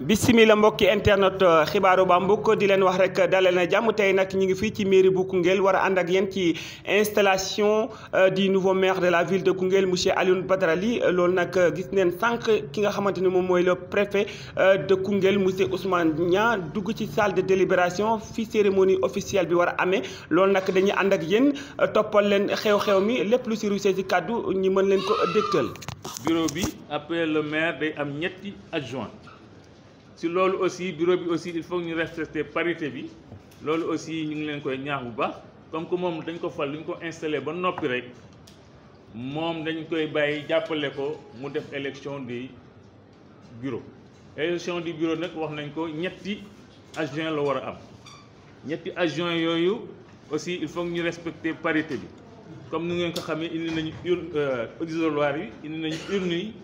bisimila mbokki internet euh, xibaaru bambuk di leen wax rek dalal na jàmm tey nag ñu ngi fii ci mairie bu Koungheul war a ànd ak yéen ci installation euh, di nouveau maire de la ville de Koungheul monsieur alion Badara Ly loolu nag euh, gis neen sànq ki nga xamante ni moom mooy la préfet de Koungheul monsieur Ousmane Niang dugg ci salle de délibération fi cérémonie officielle bi war a amee loolu nag dañuy ànd ak yéen toppal leen xew-xew mi lépp lu si rusé ci kàddu ñi mën leen ko dégtal bi après le maire day am ñetti adjoint si loolu aussi bureau bi aussi il faut ñu respecter parité bi loolu aussi ñu ngi leen koy ñaax bu baax comme que moom dañ ko fal lu ñu ko installé ba noppi rek moom dañ koy bàyyi jàppale ko mu def élection du bureau élection du bureau nag wax nañ ko ñetti adjoint la war a am ñetti adjoint yooyu aussi il faut ñu respecter parité bi comme nu ngeen ko xamee indi nañu urne euh, isoloir yi indi nañu urne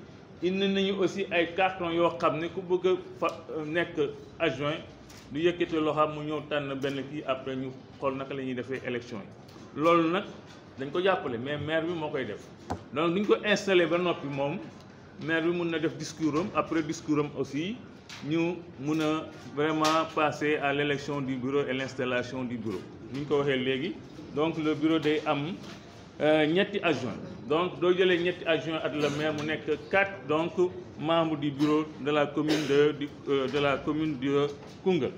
indi nañu aussi ay carton yoo xam ne ku bëgg a fa euh, nekk adjoint du yëkkati loxo mu ñëw tànn benn kii après ñu xool naka la ñuy defee élection yi loolu nag dañ ko jàppale mais maire bi moo koy def donc duñ ko installé ba noppi moom maire bi mun na def discours am après discours am aussi ñu mun a vraiment passer à l' du bureau et l' du bureau ni ñu ko waxee léegi donc le bureau day am euh, ñetti adjoint donc doo jëlee ñetti adjoint at la maire mu nekk quatre donc membre du bureau de la commune de euh, de la commune de Koungheul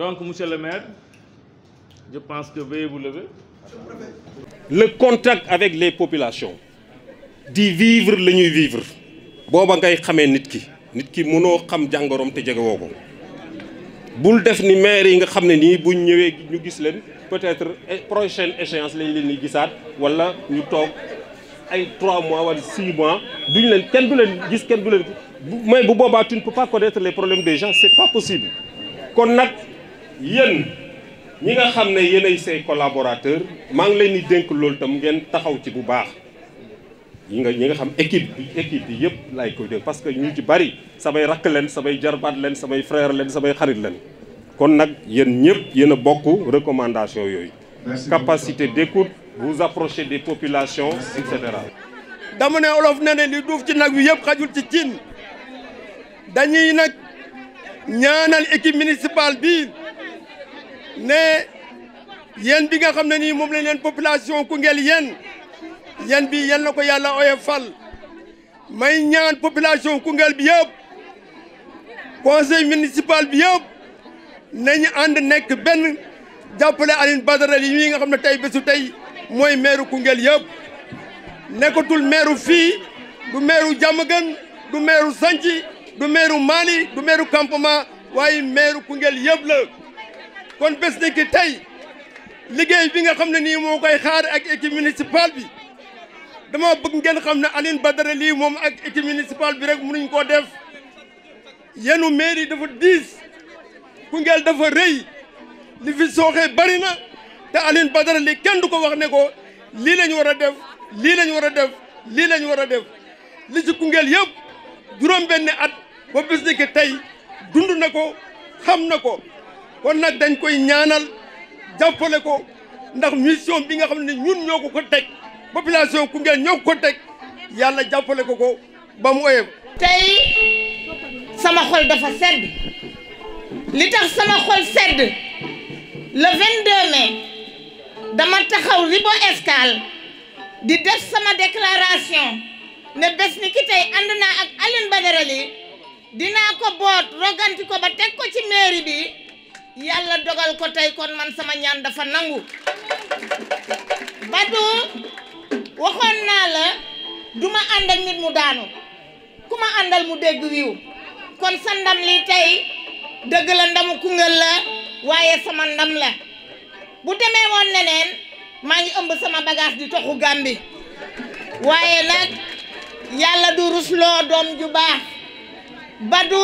donc monsieur le maire je pense que veuillez vous le contact avec les populations di vivre la ñuy vivre booba ngay xamee nit ki nit ki mënoo xam jàngoroom te jegewoo ko bul def ni maire yi nga xam ne nii buñ ñëwee ñu gis leen peut-être eh, prochaine échéance lañ leen di gisaat walla ñu toog ay 3 mois wala 6 mois ñu leen kenn du leen gis kenn du leen mais bu boobaa tu ne peux pas connaître les problèmes des gens c'est pas possible kon nag yéen ñi nga xam ne yéenay say collaborateurs maa ngi leen di dénk loolu tam ngeen taxaw ci bu baax ñi nga ñi nga xam équipe bi équipe bi yëpp laay koy dégg parce que ñu ci bari samay rakk leen samay jarbaat leen samay frère leen samay xarit leen kon nag yéen ñëpp yéen a bokk recommandation yooyu capacité d'écoute vous approchez des populations et dama ne olof na ne li duuf ci nag wi yëpp xajul ci cin dañuy nag ñaanal équipe municipale bi ne yéen bi nga xam ne nii moom lañ leen population Koungheul yéen yéen bi yéen ko yàlla oyofal may ñaan population Koungheul bi yëpp conseil municipal bi yëpp nañu ànd nekk benn jàppale Aline Badara yi ñi nga xam ne tey bésu tey. mooy meeru Koungheul yëpp nekkatul meeru fii du meeru Diamaguène du meeru Santhie du meeru Mali du meeru campement waaye meeru Koungheul yëpp la kon bés tey liggéey bi nga xam ne nii moo koy xaar ak équipe municipale bi dama bëgg ngeen xam ne Alioune Badara lii moom ak équipe municipale bi mu mënuñ koo def yenu mairie dafa diis Koungheul dafa rëy li fi te Alioune Badara li kenn du ko wax ne ko lii lañ war a def lii lañ war a def lii lañ war a def li ci Koungheul yëpp juróom benn at ba bis tey dund na ko xam na ko kon nag dañ koy ñaanal jàppale ko ndax mission bi nga xam ne ñun ñoo ko ko teg population Koungheul ñoo ko ko teg yàlla jàppale ko ko ba mu oyof tey sama xol dafa sedd li tax sama xol sedd le 22 dama taxaw Ribo Escale di def sama déclaration ne bés ni ki tey ànd naa ak Alioune Badara Ly dinaa ko boot roganti ko ba teg ko ci mairie bi yàlla dogal ko tey kon man sama ñaan dafa nangu Badou waxoon naa la duma ànd ak nit mu daanu ku ma àndal mu dégg wiw kon sa ndam li tey dëgg la ndamu Koungheul la waaye sama ndam la bu demee woon neneen maa ngi ëmb sama bagage di toxu Gàmbi waaye nag yàlla du rusloo doom ju baax Badu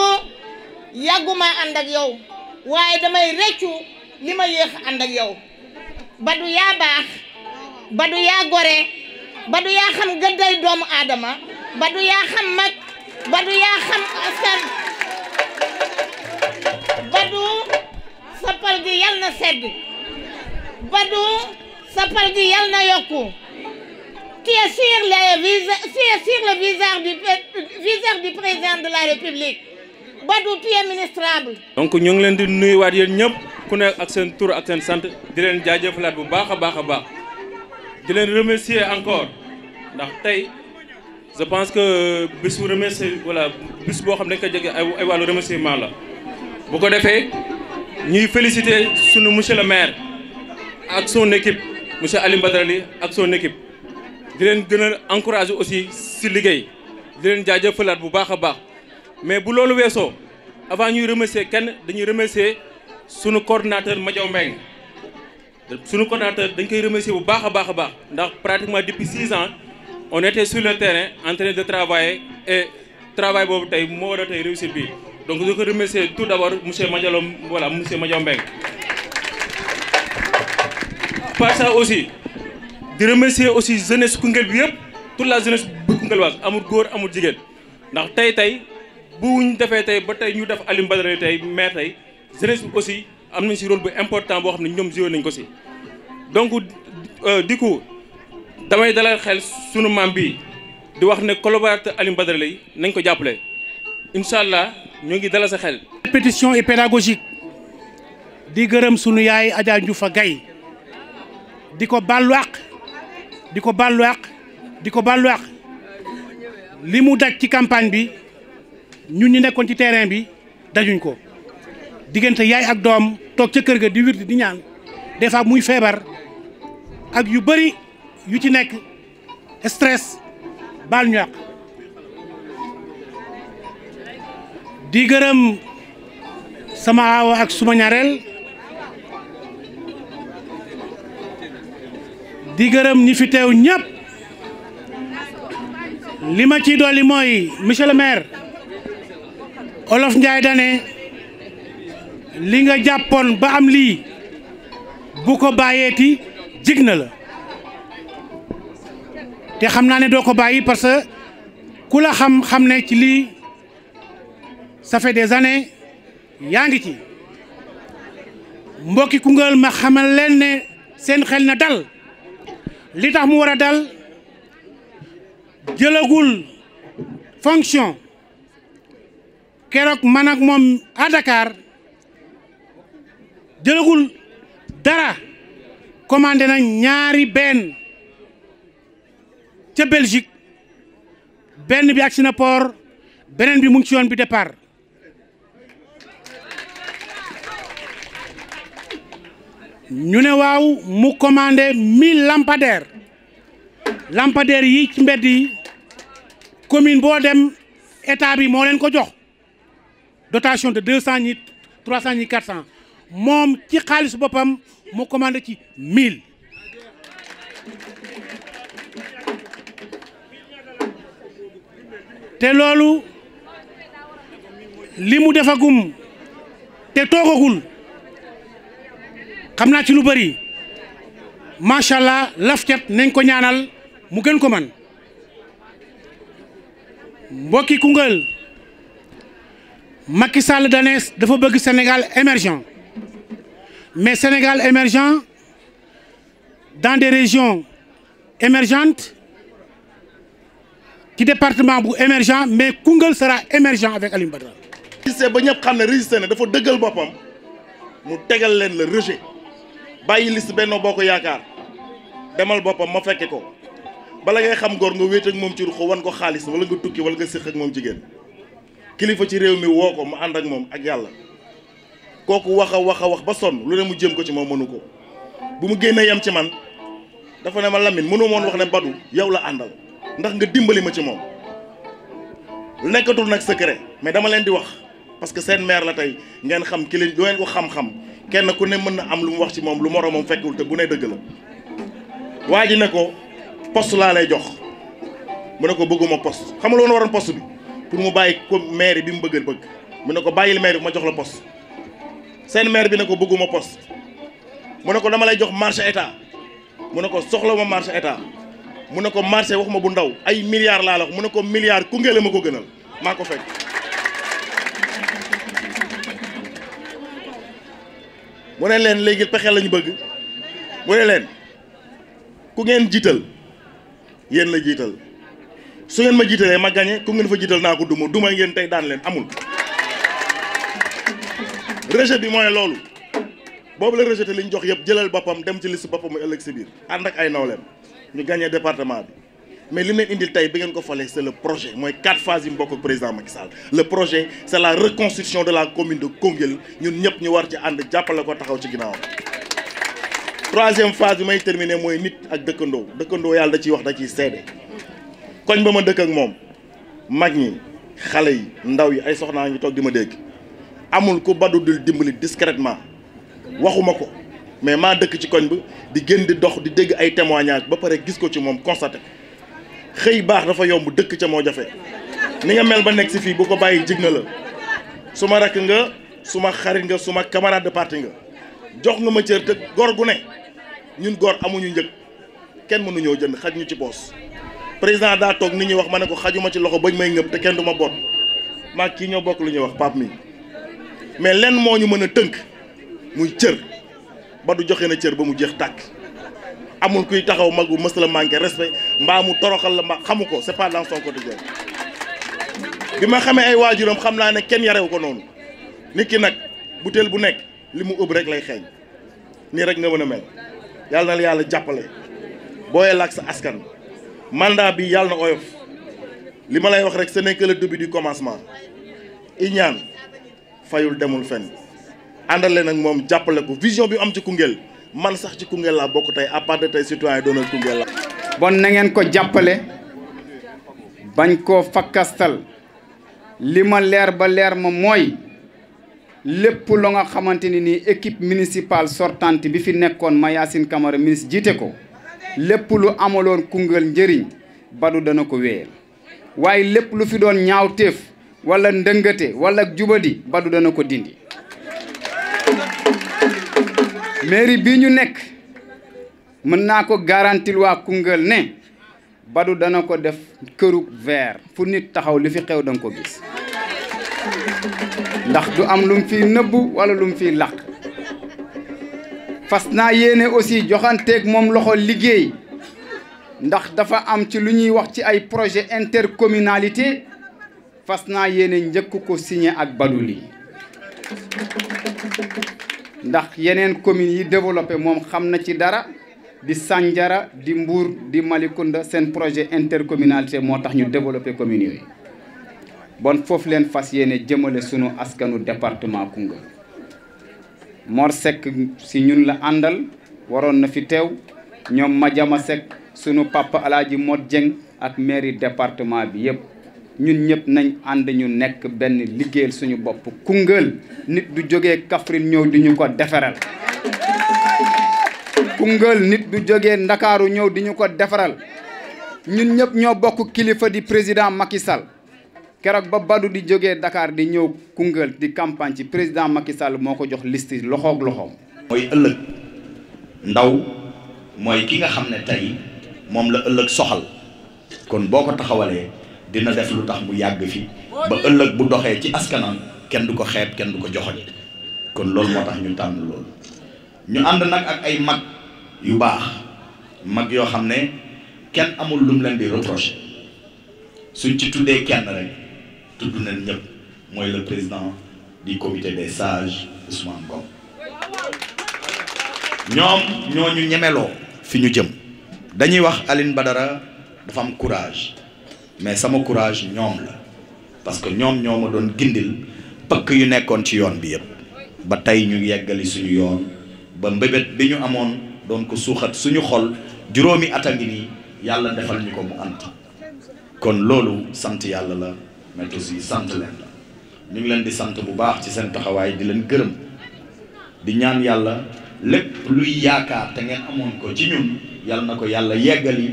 yàgguma ànd ak yow waaye damay reccu li ma yéex ànd ak yow Badu yaa baax Badu yaa gore Badu yaa xam gëdday doomu aadama Badu yaa xam mag Badu yaa xam askan Badu sa pal gi yal na sedd padu sapal gi yal na yokku tu es le visage du président de la république Badou tu ministrable. donc ñoo ngi leen di nuyuwaat yéen ñëpp ku nekk ak seen tur ak seen sant di leen jaajëfalaat bu baax a baax a baax di leen remercier encore ndax tey je pense que bis bu remercier voilà bis boo xam ne dañ ko jege ay wàllu remerciement la bu ko defee ñuy féliciter sunu monsieur le maire. ak son équipe monsieur Alioune Badara Ly ak son équipe di leen gën a encourager aussi si liggéey di jaaja jaajëfalaat bu baax a baax mais bu loolu weesoo avant ñuy remercier kenn dañuy remercier sunu coordonnateur Madiaw Mbengue sunu coordonnateur dañ koy remercier bu baax a baax a baax ndax pratiquement depuis six ans on était sur le terrain en de travailler et travail boobu tey moo war a tey réussir bi donc ñu ko remercier tout d'abord monsieur Madialom voilà monsieur Madiaw parce ça aussi di remercier aussi jeunesse Koungheul bi yëpp toute la jeunesse bu Koungheulwaas amul góor amul jigéen ndax tey tey bu ñu defee tey ba tey ñu def Alioune Badara tey maire tey jeunesse bi aussi am nañ si rôle bu important boo xam ne ñoom joué nañ ko si. donc euh, di coup damay dalal xel sunu maam bi di wax ne collaborateur Alioune Badara lay nañ ko jàppale incha allah ñoo ngi dalal sa xel. répétition et pédagogique di gërëm sunu yaay Adja Ndioufa Gaye di ko bàllu àq di ko bàllu àq di ko bàllu li mu daj ci campagne bi ñu ñu nekkoon ci terrain bi dajuñ ko diggante yaay ak doom toog ca kër ga di wirdi di ñaan des fois muy feebar ak yu bari yu ci nekk stress baal ñu àq di gërëm sama aawa ak suma ñaareel di gërëm ñi fi teew ñëpp li ma ciy dolli mooy monsieur le maire Olof Ndiaye dane li nga jàppoon ba am lii bu ko bàyyeeti jig na la te xam naa ne doo ko bàyyi parce que ku la xam xam ne ci lii ça fait des années yaa ngi ci mbokki Koungheul ma xamal leen ne seen xel na dal li tax mu war a dal jëlagul fonction keroog man ak moom à jëlagul dara commandé na ñaari benn ca Belgique benn bi agsi na port beneen bi mu ngi ci yoon bi départ ñu ne waaw mu commandé mille lampadaires lampadaires yi ci mbedd yi commune boo dem état bi moo leen ko jox dotation de deux cent ñi trois cent ñi quatre moom ci xaalis boppam mu commandé ci mille te loolu li mu defagum te toogagul. xam naa ci lu bëri macha allah laf cat nañ ko ñaanal mu gën ko man mbokki Koungheul Macky Sall dafa bëgg Sénégal émergent mais Sénégal émergent dans des région émergentes ci département bu émergent mais Koungheul sara émergent avec Alioune Badara. ba ñëpp xam ne registré na dafa dëggal boppam mu tegal leen le rejet. bàyyi liste boo ko Yaakaar demal boppam ma fekke ko bala ngay xam góor nga wéet ak moom ci ruxu wan ko xaalis wala nga tukki wala nga séq ak moom jigéen kilifa ci réew mi woo ko ma ànd ak moom ak yàlla kooku wax a wax a wax ba sonn lu ne mu jëm ko ci moom mënu ko bu mu génnee yem ci man dafa ne ma Lamine mënu moon wax ne Badou yow la àndal ndax nga dimbali ma ci moom nekkatul nag secret mais dama leen di wax parce que seen maire la tey ngeen xam ki leen doo leen ko kenn ku ne mën na am lu mu wax ci moom lu moroomam fekkul te bu ne dëgg la waa ji ne ko post laa lay jox mu ne ko bëgguma post xam nga loolu waroon post bi pour mu bàyyi ko maire bi mu bëgg bëgg mu ne ko bàyyil maire bi ma jox la poste seen maire bi ne ko bëgguma poste mu ne ko dama lay jox marché état mu ne ko soxla ma marché état mu ne ko marché wax bu ndaw ay milliards laa la wax mu ne ko milliards Koungheul ma ko gënal maa ko fekk mu ne leen léegi pexee lañu bëgg mu ne leen ku ngeen jiital yéen la jiital su ngeen ma jiitalee ma gañe ku ngeen fa jiital naa ko duma duma ngeen tey daan leen amul réget bi mooy loolu boobu la rejeté li ñu jox yëpp jëlal boppam dem ci liste boppam mu ëllëg si biir ànd ak ay nawleem ñu gañee département bi mais li leen indil tey bi ngeen ko falee c' est le projet mooy quatre phases yi mu bokk ak président Macky Sall projet c' est la reconstruction de la commune de Koungheul ñun ñëpp ñu war ci ànd jàppale ko taxaw ci ginnaawam. troisième phase bi may terminer mooy nit ak dëkkandoo dëkkandoo yàlla da ciy wax da ci seede koñ ba ma dëkk ak moom mag ñi xale yi ndaw yi ay soxnaa ngi toog di ma dégg amul ku badu dul dimbali discrètement waxuma ko mais maa dëkk ci koñ bi di gën di dox di ay témoignages ba pare gis ko ci moom constaté xëy baax dafa yomb dëkk ca moo jafe ni nga mel ba nekk si fii bu ko bàyyi jig na la suma rakk nga suma ma xarit nga suma ma camarade de parti nga jox nga ma cër te gor gu ne ñun gor amuñu njëg kenn mënuñoo jënd xaj ñu ci poos président daa toog nit ñuy wax ma ne ko xajuma ci loxo bañ may ngëb te kenn du ma boot maa kii ñoo bokk lu ñuy wax Pape mi mais lenn moo ñu mën a tënk muy cër ba du joxe na cër ba mu jeex tàkk amul kuy taxaw magu mës la manqué respect mbaa toroxal la mbaa xamu ko c'est pas dans son quotidien bi ma xamee ay waajuram xam naa ne kenn yarew ko noonu nit ki nag butéel bu nekk li mu ëpp rek lay xeeñ nii rek nga mën a mel yàlla na la yàlla jàppale booyal ak sa askan mandat bi yàlla na oyof li ma lay wax rek ce n'est que le début du commencement iñaan fayul demul fenn àndale nag moom jàppale ko vision bi am ci Koungheul man sax ci Koungheul laa bokk tey à part de tey citoyen doonal Koungheul bon na ngeen ko jàppale bañ koo fakkastal li ma leer ba leer ma mooy lépp lu nga xamante ni nii équipe municipale sortante bi fi nekkoon Mayacine Camara ministre jiite ko lépp lu amaloon Koungheul njëriñ Badou dana ko wéyal waaye lépp lu fi doon ñaawteef walla ndëngate wala jubadi Badou dana ko dindi mairie bii ñu nekk mën naa ko garantil waa Koungheul ne Badou dana ko def këru vert fu nit taxaw li fi xew danga ko gis ndax du am lu mu fiy nëbbu wala lum fiy làq fas naa yéene aussi joxanteeg moom loxo liggéey ndax dafa am ci lu ñuy wax ci ay projet intercommunalité fas naa yéene njëkk ko signé ak Badou lii ndax yeneen communes yi développé moom xam na ci dara di Sandiara di Mbour di Malicounda seen projet intercommunalité moo tax ñu développé communes yooyu bon foofu leen fas yéene jëmale sunu askanu département Koungheul Mor Seck si ñun la àndal waroon na fi teew ñoom Madiama Seck sunu papa Alaaji Mot Dieng ak mairie département bi yëpp ñun ñëpp nañ ànd nekk benn liggéeyal suñu bopp Koungheul nit du jógee Kaffrine ñëw di ñu ko defaral Koungheul nit du jógee Ndakaaru ñëw di ko defaral ñun ñëpp ñoo bokk kilifa di président Macky Sall keroog ba Badou di jóge Dakar di ñëw Koungheul di campagne ci président Macky Sall moo ko jox liste loxoog loxoom. mooy ëllëg ndaw mooy ki nga xam ne tey moom la ëllëg soxal kon boo ko taxawalee. dina def lu tax mu yàgg fi ba ëllëg bu doxee ci askanam kenn du ko xeeb kenn du ko joxoñ kon loolu moo tax ñu tànn loolu ñu ànd nag ak ay mag yu baax mag yoo xam ne kenn amul lu mu leen di reprocher suñ ci tuddee kenn rek tudd nañ ñëpp mooy le président di comité des sages Ousmane Ngom ñoom ñoo ñu ñemeloo fi ñu jëm dañuy wax Aline ba dara dafa am courage mais sama courage ñoom la parce que ñoom ñoo ma doon gindil pëkk yu nekkoon ci yoon bi yëpp ba tey ñu yeggali suñu yoon ba mbébét bi ñu amoon doon ko suuxat suñu xol juróomi at a nii yàlla defal ñu ko mu ant kon loolu sant yàlla la mais si sant leen la ñu ngi leen di sant bu baax ci seen taxawaay di leen gërëm di ñaan yàlla lépp luy yaakaar te ngeen amoon ko ci ñun yàlla na ko yàlla yeggali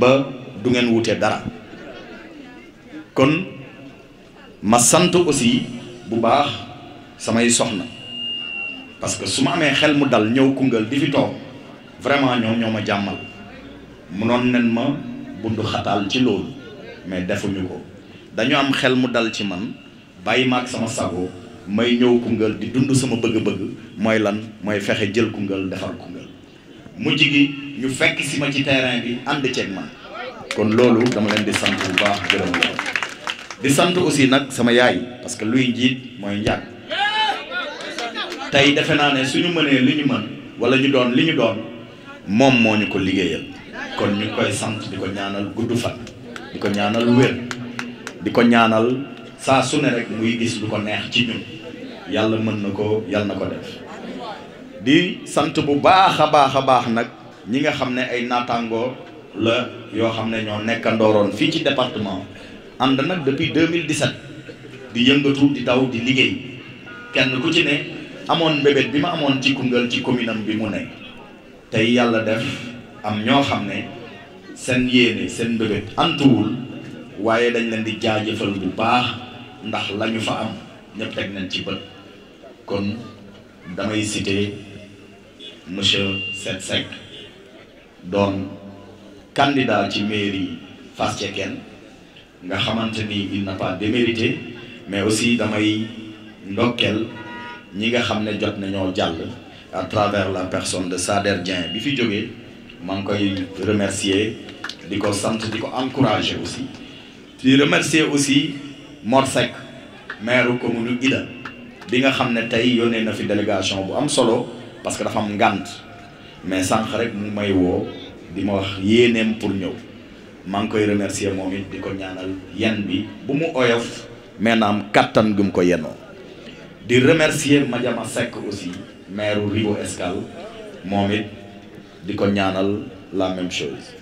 ba du ngeen wute dara kon ma sant aussi bu baax samay soxna parce que su ma amee xel mu dal ñëw Koungheul di fi toog vraiment ñoom ñoo ma jàmmal munoon nen ma bundu xataal ci loolu mais defuñu ko dañu am xel mu dal ci man bàyyi ma ak sama sago may ñëw Koungheul di dund sama bëgg-bëgg mooy lan mooy fexe jël Koungheul defar Koungheul mujj gi ñu fekk si ma ci terrain bi ànd ceeg man kon loolu dama leen di sant bu baax gërëm la di sant aussi nag sama yaay parce que luy njiit mooy njaag tey defe naa ne suñu mënee li ñu mën wala ñu doon li ñu doon moom moo ñu ko liggéeyal kon ñu ngi koy sant di ko ñaanal gudd fan di ko ñaanal wér di ko ñaanal saa su ne rek muy gis lu ko neex ci ñun yàlla mën na ko yàlla na ko def di sant bu baax a baax a baax nag ñi nga xam ne ay naataangoo la yoo xam ne ñoo nekkandooroon fii ci département ànd nag depuis 2017 di yëngatu di daw di liggéey kenn ku ci ne amoon mbébét bi ma amoon ci Koungheul ci commune bi mu ne tey yàlla def am ñoo xam ne seen yéene seen mbébét antuwul waaye dañ leen di jaajëfal bu baax ndax lañu fa am ñëpp teg nañ ci bët kon damay citer monsieur Seth Seck doon candidat ci mairie Fass Thiékène nga xamante ni il n'a pas démérité mais aussi damay ndokkeel ñi nga xam ne jot nañoo jàll à travers la personne de der Dieng bi fi jógee maa ngi koy remercier di ko sant di ko encourager aussi di remercier aussi Mor Seck maire commune Ida bi nga xam ne tey yónnee na fi délégation bu am solo parce que dafa am ngànt mais sànq rek mu may woo di ma wax yéeneem pour ñëw maa ngi koy remercier moom it di ko ñaanal yen bi bu mu oyof maanaam kattan gum ko yenoo di remercier Madiama Seck aussi maire Ribo Escale moom it di ko ñaanal la même chose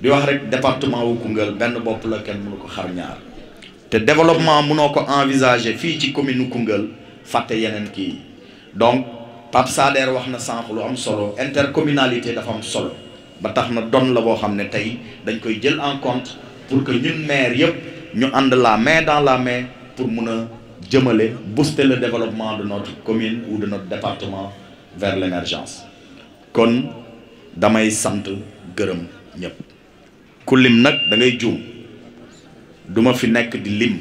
di wax rek département wu Koungheul benn bopp la kenn mënu ko xar ñaar te développement munoo ko envisager fii ci commune nu Koungheul fàtte yeneen kii donc Pape Sader wax na sànq lu am solo intercommunalité dafa am solo. ba tax na don la boo xam ne tey dañ koy jël en compte pour que ñun maire yëpp ñu ànd la main dans la main pour mun a jëmale booster le développement de notre commune ou de notre département vers l'émergence kon damay sant gërëm ñëpp ku lim nag dangay ngay juum du fi nekk di lim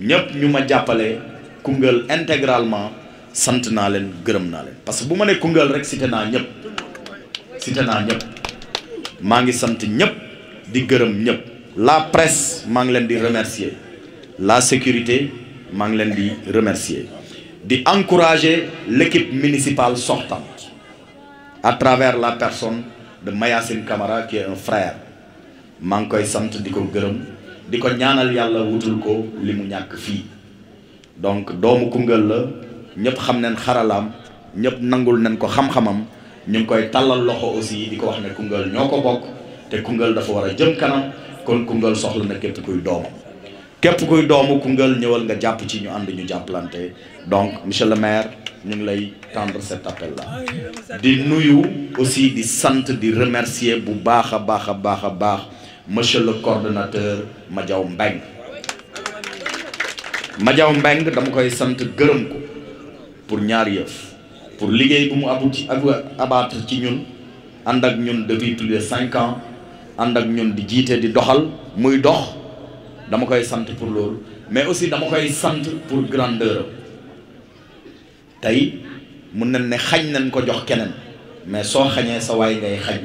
ñëpp ñu ma jàppale Koungheul intégralement sant naa leen gërëm naa leen parce que bu ma ne Koungheul rek cité naa ñëpp cité naa ñëpp maa ngi sant ñëpp di gërëm ñëpp la presse maa ngi leen di remercier la sécurité maa ngi leen di remercier di encourager l'équipe municipale sortante à travers la personne de Mayacine Camara qui est un frère maa ngi koy sant di ko gërëm di ko ñaanal yàlla wutul ko li mu ñàkk fii donc doomu Koungheul la ñëpp xam nañ xaralaam ñëpp nangul nañ ko xam-xamam ñu ngi koy tàllal loxo aussi di ko wax ne Koungheul ñoo ko bokk te Koungheul dafa war a jëm kanam kon Koungheul soxla na képp kuy doomu képp kuy doomu Koungheul ñëwal nga jàpp ci ñu ànd ñu jàppalante donc monsieur le maire ñu ngi lay tendre cet appel là di nuyu aussi di sant di remercier bu baax a baax a baax a baax monsieur le coordonnateur Madiaw Mbeng Madiaw Mbeng dama koy sant gërëm ko pour ñaar yëf pour liggéey bu mu ci ak abaat ci ñun ànd ak ñun depuis plus cinq ans ànd ak ñun di jiite di doxal muy dox dama koy sant pour loolu mais aussi dama koy sant pour grandeur tey mun nañ ne xañ nañ ko jox keneen mais soo xañee sa waay ngay xañ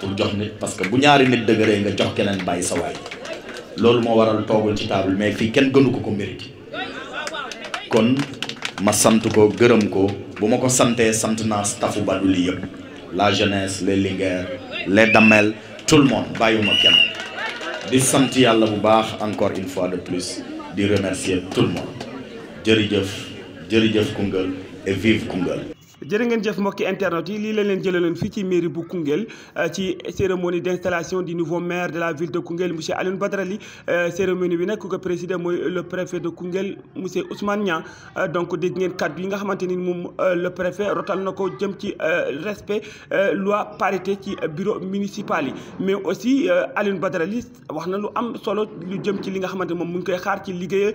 pour jox nit parce que bu ñaari nit dëgëree nga jox keneen bàyyi sa waay loolu moo waral toogul ci table mais fii kenn gënu ko ko mérite kon ma sant ko gërëm ko bu ma ko santee sant naa staffu Baduli yëpp la jeunesse les Linguères les Damel tout le monde bàyyiwuma kenn di sant yàlla bu baax encore une fois de plus di remercier tout le monde jërëjëf jërëjëf Koungheul et vive Koungheul jërë ngeen jëf mbokki internet yi lii la leen jëlaloon fii ci mairie bu Koungheul euh, ci cérémonie d' installation du nouveau maire de la ville de Koungheul monsieur Alioune Badara Ly euh, cérémonie bi nag ku ko présider mooy le préfet de Koungheul monsieur Ousmane Niang euh, donc dégg ngeen kàddu yi nga xamante ni moom le préfet rotal na ko jëm ci respect loi parité ci bureau municipal yi mais aussi Alioune Badara Ly wax na lu am solo lu jëm ci li nga xamante moom mu ngi koy xaar ci liggéey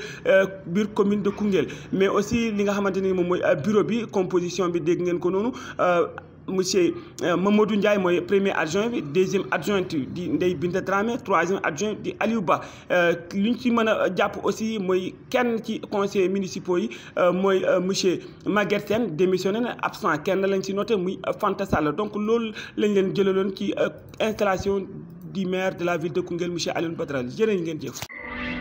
biir commune de Koungheul mais aussi li nga xamante ni moom mooy bureau bi composition bi léegi ngeen ko noonu euh, monsieur euh, Mamadou Ndiaye mooy premier adjoint bi deuxième adjoint di Ndeye Binta Dramé troisième adjoint di Aliou Ba euh, li ñu ci mën a jàpp aussi mooy kenn ci conseil municipaux yi mooy monsieur Maguette Sène démissionné na absent kenn lañ ci noté muy Fanta Sall donc loolu lañ leen jëlaloon ci installation du maire de la ville de Koungheul monsieur Alioune Badara jërë ngeen jëf.